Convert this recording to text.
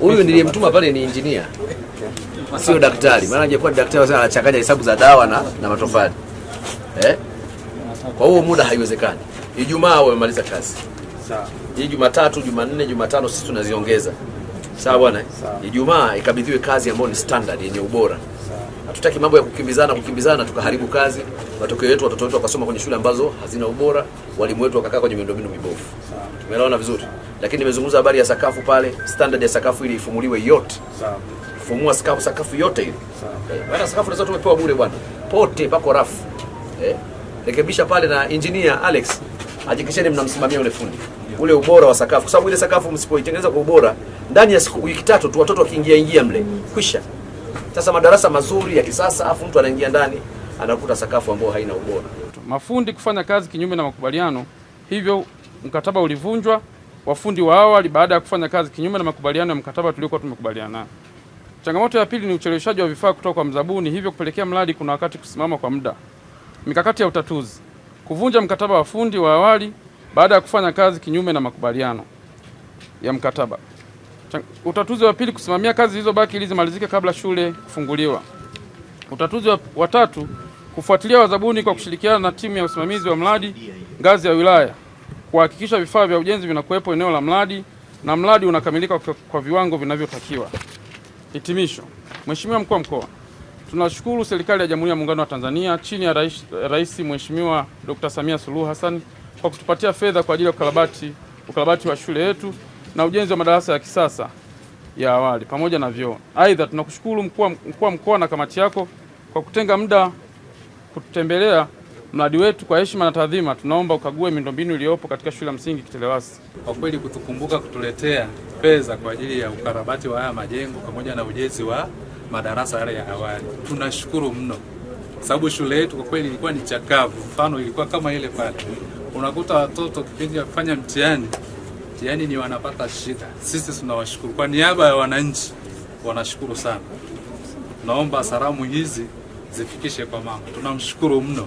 Huyu niliyemtuma pale ni injinia, sio daktari. Maana angekuwa daktari anachanganya hesabu za dawa na, na matofali eh? Kwa huo muda haiwezekani. Ijumaa wamemaliza kazi hii, Jumatatu, Jumanne, Jumatano sisi tunaziongeza, sawa bwana. Ijumaa ikabidhiwe kazi ambayo ni standard yenye ubora. Hatutaki mambo ya kukimbizana kukimbizana, tukaharibu kazi, matokeo yetu watoto wetu wakasoma kwenye shule ambazo hazina ubora, walimu wetu wakakaa kwenye miundombinu mibovu. Tumeelewana vizuri? lakini nimezungumza habari ya sakafu pale, standard ya sakafu ili ifumuliwe yote. Sawa. Fumua sakafu, sakafu yote ile. Sawa. Eh, maana sakafu tunaweza tumepewa bure bwana. Pote pako rafu. Eh, rekebisha pale na engineer Alex. Hakikisheni mnamsimamia ule fundi. Ule ubora wa sakafu kwa sababu ile sakafu msipoitengeneza kwa ubora ndani ya siku wiki tatu tu watoto wakiingia ingia mle. Kwisha. Sasa madarasa mazuri ya kisasa afu mtu anaingia ndani anakuta sakafu ambayo haina ubora. Mafundi kufanya kazi kinyume na makubaliano, hivyo mkataba ulivunjwa wafundi wa awali baada ya kufanya kazi kinyume na makubaliano ya mkataba tuliokuwa tumekubaliana Changamoto ya pili ni ucheleweshaji wa vifaa kutoka kwa mzabuni, hivyo kupelekea mradi kuna wakati kusimama kwa muda. Mikakati ya utatuzi: kuvunja mkataba wa fundi wa awali baada ya kufanya kazi kinyume na makubaliano ya mkataba. Utatuzi wa pili, kusimamia kazi zilizobaki ili zimalizike kabla shule kufunguliwa. Utatuzi wa, wa tatu, kufuatilia wazabuni kwa kushirikiana na timu ya usimamizi wa mradi ngazi ya wilaya kuhakikisha vifaa vya ujenzi vinakuwepo eneo la mradi na mradi unakamilika kwa viwango vinavyotakiwa. Hitimisho. Mheshimiwa Mkuu wa Mkoa, tunashukuru serikali ya Jamhuri ya Muungano wa Tanzania chini ya Rais, Rais Mheshimiwa Dr. Samia Suluhu Hassan kwa kutupatia fedha kwa ajili ya ukarabati, ukarabati wa shule yetu na ujenzi wa madarasa ya kisasa ya awali pamoja na vyoo. Aidha, tunakushukuru mkuu wa mkoa na kamati yako kwa kutenga muda kututembelea Mradi wetu kwa heshima na taadhima, tunaomba ukague miundombinu iliyopo katika shule ya msingi Kitelewasi. Kwa kweli kutukumbuka kutuletea fedha kwa ajili ya ukarabati wa haya majengo pamoja na ujenzi wa madarasa yale ya awali, tunashukuru mno, sababu shule yetu kwa kweli ilikuwa ni chakavu. Mfano ilikuwa kama ile pale, unakuta watoto kipindi ya mtihani mtihani ni wanapata shida. Sisi tunawashukuru kwa niaba ya wananchi, wanashukuru sana. Naomba salamu hizi zifikishe kwa mama, tunamshukuru mno.